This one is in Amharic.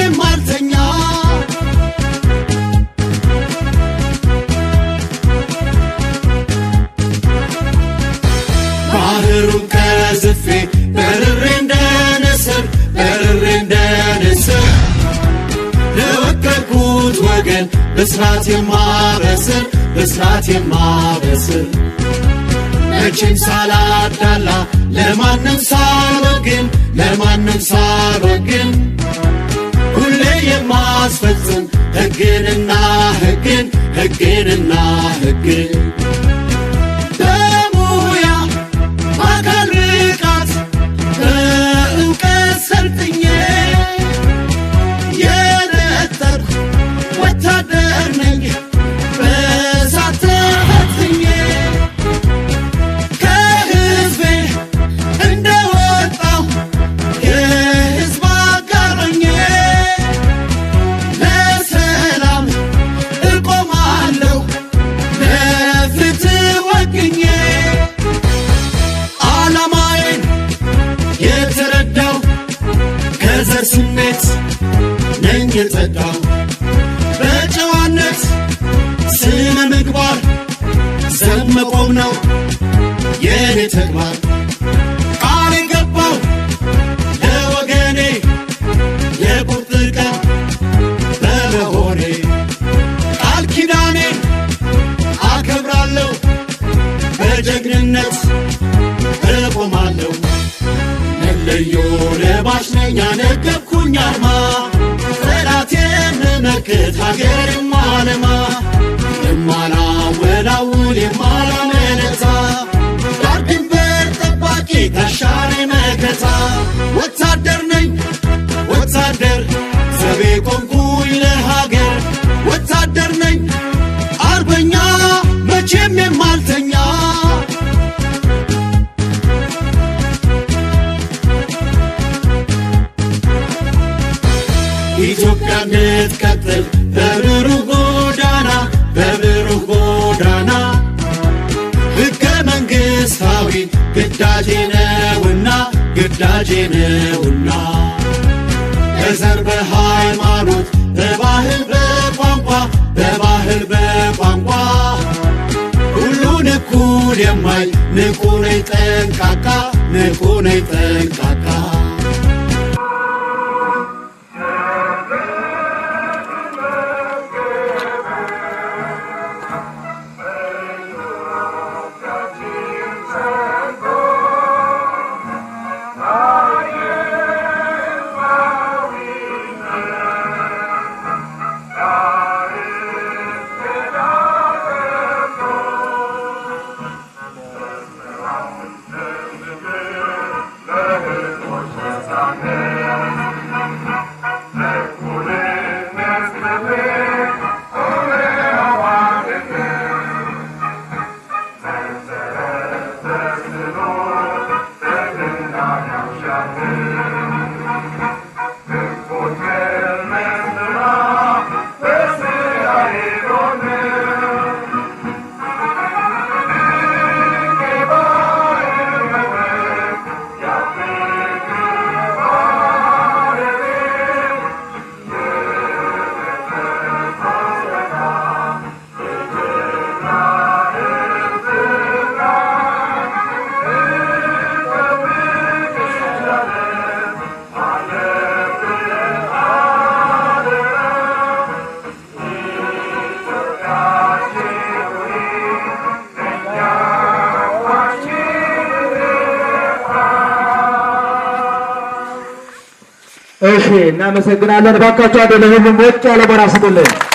እንደማልተኛ ባህሩን ከዝፌ በርሬ እንደነስር በርሬ እንደነስር ለወደቁት ወገን ብስራት የማበስር ብስራት የማበስር መቼም ሳላዳላ ለማንም ሳልወግን ለማንም ሳልወግን አስፈጽም ሕግንና ሕግን ሕግንና ሕግን የእግዚአብሔር በጨዋነት ስነ ምግባር ሰብ መቆም ነው የእኔ ተግባር ምልክት ሀገር ማለማ የማላወላውል የማላመነታ ዳር ድንበር ጠባቂ ታሻሪ መከታ ወታደር ነኝ ወታደር ዘቤ ቆምኩኝ ለሀገር ወታደር ነኝ አርበኛ መቼም የማልተኛ ኢትዮጵያነት ነውና በዘር በሃይማኖት በባህል በቋንቋ በባህል በቋንቋ ሁሉን እኩል የማይ ንቁ ነይ ጠንቃቃ ንቁ ነኝ ጠንቃ እሺ እናመሰግናለን። ባካቸው አደ ወጭ ያለ ቦራ ስጡልን።